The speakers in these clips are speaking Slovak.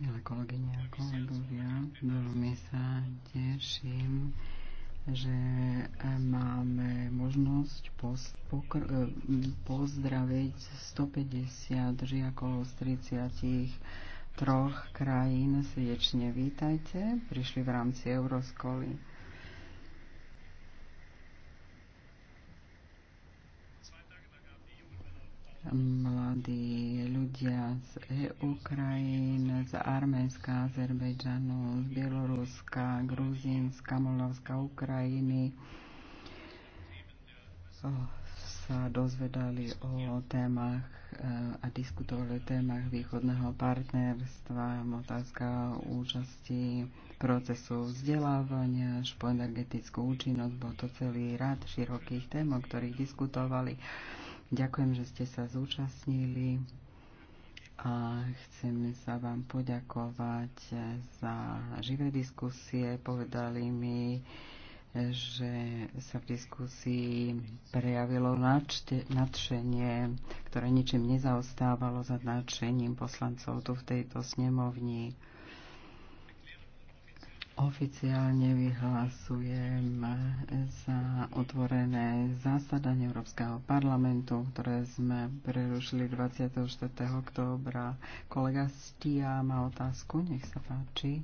Milé kolegyne a kolegovia, veľmi sa teším, že e, máme možnosť e, pozdraviť 150 žiakov z 33 krajín. Srdečne vítajte. Prišli v rámci Euroskoly. Má národy, ľudia z e Ukrajín, z Arménska, Azerbejdžanu, z Bieloruska, Gruzínska, Moldavska, Ukrajiny sa dozvedali o témach eh, a diskutovali o témach východného partnerstva, otázka účasti procesu vzdelávania, až po energetickú účinnosť, bol to celý rad širokých tém, o ktorých diskutovali. Ďakujem, že ste sa zúčastnili a chcem sa vám poďakovať za živé diskusie. Povedali mi, že sa v diskusii prejavilo nadšenie, ktoré ničím nezaostávalo za nadšením poslancov tu v tejto snemovni. Oficiálne vyhlasujem za otvorené zásadanie Európskeho parlamentu, ktoré sme prerušili 24. októbra. Kolega Stia má otázku, nech sa páči.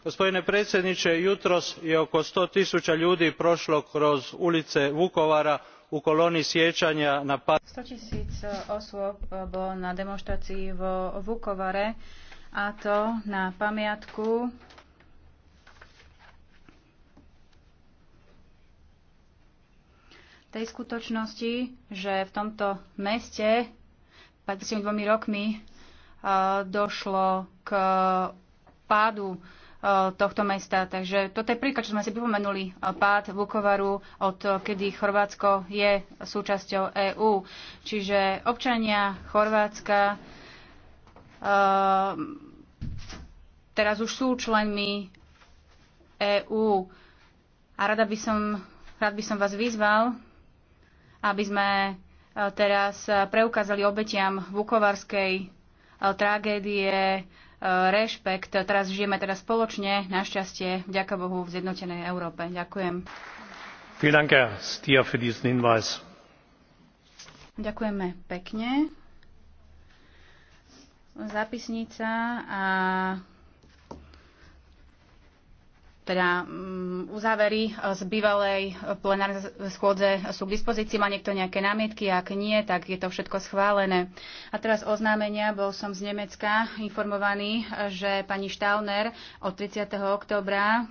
Gospodine predsjedniče, jutros je oko 100 tisuća ljudi prošlo kroz ulice Vukovara u koloni sjećanja na pad... 100 tisíc osob bolo na demonstraciji vo Vukovare a to na pamiatku tej skutočnosti, že v tomto meste pred dvomi rokmi e, došlo k pádu e, tohto mesta. Takže toto je príklad, čo sme si pripomenuli, e, pád Vukovaru, od kedy Chorvátsko je súčasťou EÚ. Čiže občania Chorvátska teraz už sú členmi EÚ. A rada by som, rád by som vás vyzval, aby sme e, teraz e, preukázali obetiam vukovarskej e, tragédie rešpekt. Teraz žijeme teda spoločne, našťastie, vďaka Bohu, v zjednotenej Európe. Ďakujem. Ďakujeme pekne. Zapisnica a teda Uzávery z bývalej plenárnej schôdze sú k dispozícii. Má niekto nejaké námietky? Ak nie, tak je to všetko schválené. A teraz oznámenia. Bol som z Nemecka informovaný, že pani Štauner od 30. oktobra